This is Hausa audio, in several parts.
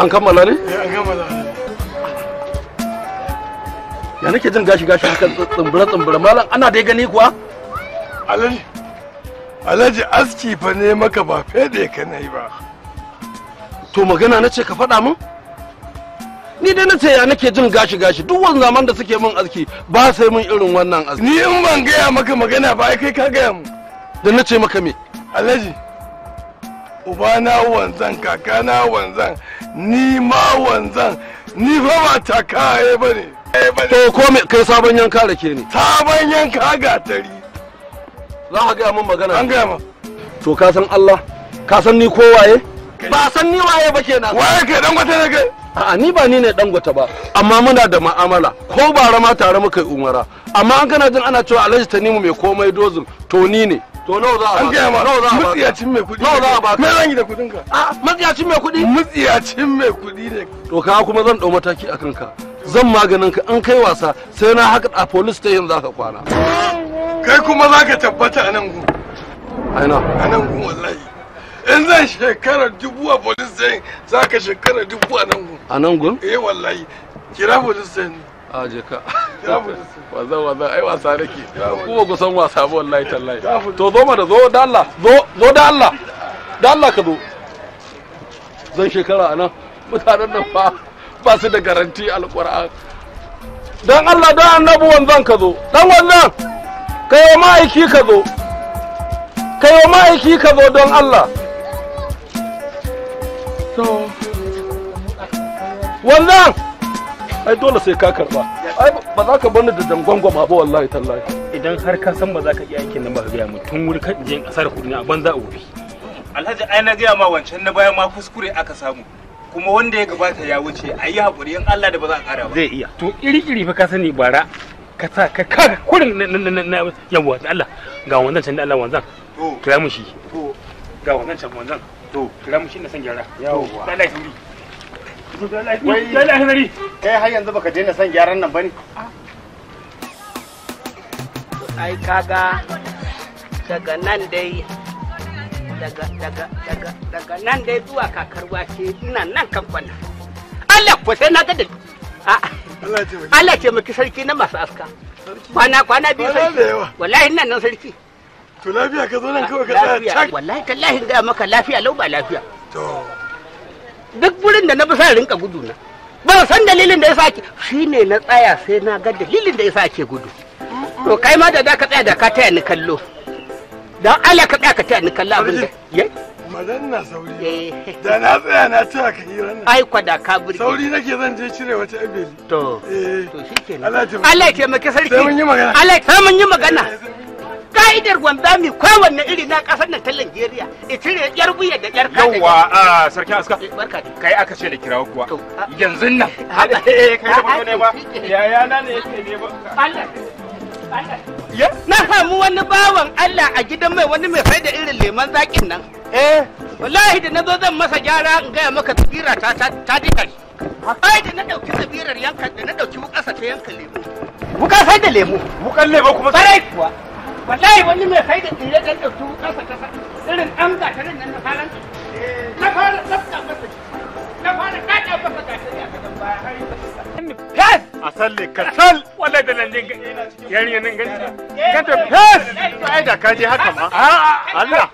an kammala ne? Eh, an kammala ya nake jin gashi gashi haka tsumbura tsumbura malam ana dai gani kuwa alhaji alhaji aski fa ne maka ba fede ka na ba to magana na ce ka faɗa min ni dai na ce ya nake jin gashi gashi duk wani zaman da suke min aski ba sai mun irin wannan aski ni in ban gaya maka magana ba ai kai ka gaya mu da na ce maka me alhaji ubana wanzan kakana wanzan ni ma wanzan ni fa ba ta kaye ba ne to ko me kai sabon yanka da ke ne sabon yanka ga tari za ka gaya min magana an gaya ma to ka san Allah ka san ni ko waye ba san ni waye ba kenan waye kai dan gwata ne kai a'a ni ba ni ne dan gwata ba amma muna da ma'amala ko bara ma tare muka yi umara amma an kana jin ana cewa Alhaji Tanimu mai komai dozin to ni ne to nawa za a an gaya ma matsiyacin mai kuɗi nawa za a baka mai rangi da kuɗin ka a matsiyacin mai kuɗi matsiyacin mai kuɗi ne to ka kuma zan ɗau mataki a kanka zan maganin ka an kai wasa sai na haka a police station za ka kwana kai kuma za ka tabbata a nan gun? A ina? a nan gun? wallahi in zan shekarar dubu a police station za ka shekarar dubu a nan gun. a nan gun eh wallahi kira police station a je ka wazan wazan ai wasa nake ku ba kusan wasa ba wallahi tallahi to zo mana zo da Allah zo zo da Allah da Allah ka zo zan shekara anan mutanen nan fa ba su da garanti alquran dan Allah dan annabi wanzan ka zo dan wannan kai wa ma'aiki ka zo kai wa ma'aiki ka zo don Allah to wannan ai dole sai ka karba ai ba za ka bani da dangwangwa ba wallahi tallahi idan har ka san ba za ka iya aikin nan ba ga gaya mu tun wuri kan je in asara kudi a banza a wuri alhaji ai na gaya ma wancan na baya ma kuskure aka samu kuma wanda ya gabata ya wuce a yi haƙuri in Allah da ba za a ƙara ba zai iya to iri-iri fa ka sani bara ka sa ka ka kurin na yawa da Allah ga wannan can da Allah wanzan to kira mu shi to ga wannan can wanzan to kira mu shi na san gyara yawa Allah ya wai kai har yanzu baka daina son gyaran nan bane ai kaga daga nan dai daga nan dai zuwa kakarwa ce ina nan kan kwana Allah sai na ga da Allah ce miki sarki na masu aska kwana kwana biyu sarki wallahi nan sarki to lafiya ka zo nan kawai ka tsaya wallahi ga maka lafiya lau ba lafiya to duk wurin da na bi sai rinka gudu na ba san dalilin da ya sake shine na tsaya sai na ga dalilin da ya sake gudu to kai ma da ka tsaya da ka taya ni kallo dan Allah ka tsaya ka taya ni kallo abin da madan madanna sauri eh. da na tsaya na taya ka hirar nan ai kwada ka burge sauri nake zan je cire wata abeli to eh. to shikenan Allah ya taimake sarki sai mun yi magana Allah ya taimake magana eh, ka'idar gwanda mi kowanne iri na kasar nan ta Najeriya ne yar buya da yar kada yawa a sarki aska eh, kai aka ce da kirawo kuwa yanzu nan eh, kai da ne ba ya na ne yake ne ba Allah na samu wani bawan Allah a gidan mai wani mai faida irin leman zakin nan eh wallahi da nazo zan masa gyara in gaya maka tsira ta ta dikari ai da na dauki sabirar yankan da na dauki wukasa ta yanka lemu wukar sai da lemu wukan lemu kuma sai kuwa wallahi wani mai kai da tsire dan da tuwo kasa kasa irin an ta nan na faran na fara tsafta masa na fara kada masa ga tarin a kadan baya har yi a salle ka sal wallahi da lalle yarinya ganta eh, ganta eh, fes ba ai da kaje haka ma Allah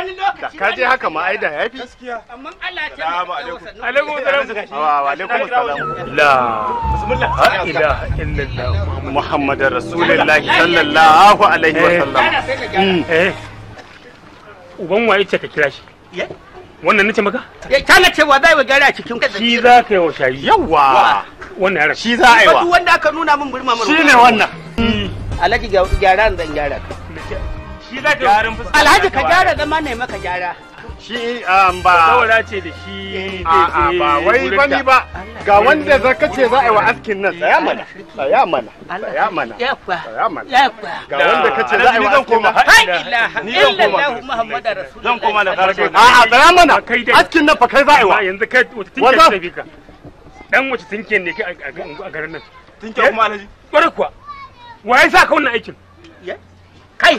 wani lokaci ka je haka ma aida gaskiya Allah ya alaikum wa alaikum la bismillah la ilaha wa eh. sallam mm. eh. uban waye ce ka kira shi wannan nace maka ya kana cewa zai wa gari a cikin ka shi za ka yi wa shayi yawa wannan yaran shi za a yi wa wanda aka nuna min burma shi ne wannan alhaji gyara zan gyara ka Alhaji ka gyara zama ne maka gyara. Shi um, ba. ce da shi zai ba wai bani ba. Ga wanda za ka ce za a yi wa askin nan tsaya mana. Tsaya mana. Tsaya mana. Tsaya mana. Ga wanda ka ce za a yi wa askin nan. Hai ilaha illallah Muhammadu Rasulullah. Zan koma da tsaya mana. Askin nan fa kai za a yi wa. Yanzu kai tinkin da bi Dan wace tinkin ne kai a garin nan. Tinkin kuma alhaji. Eh? Kwarai kuwa. Wa sa ka wannan aikin? Kai.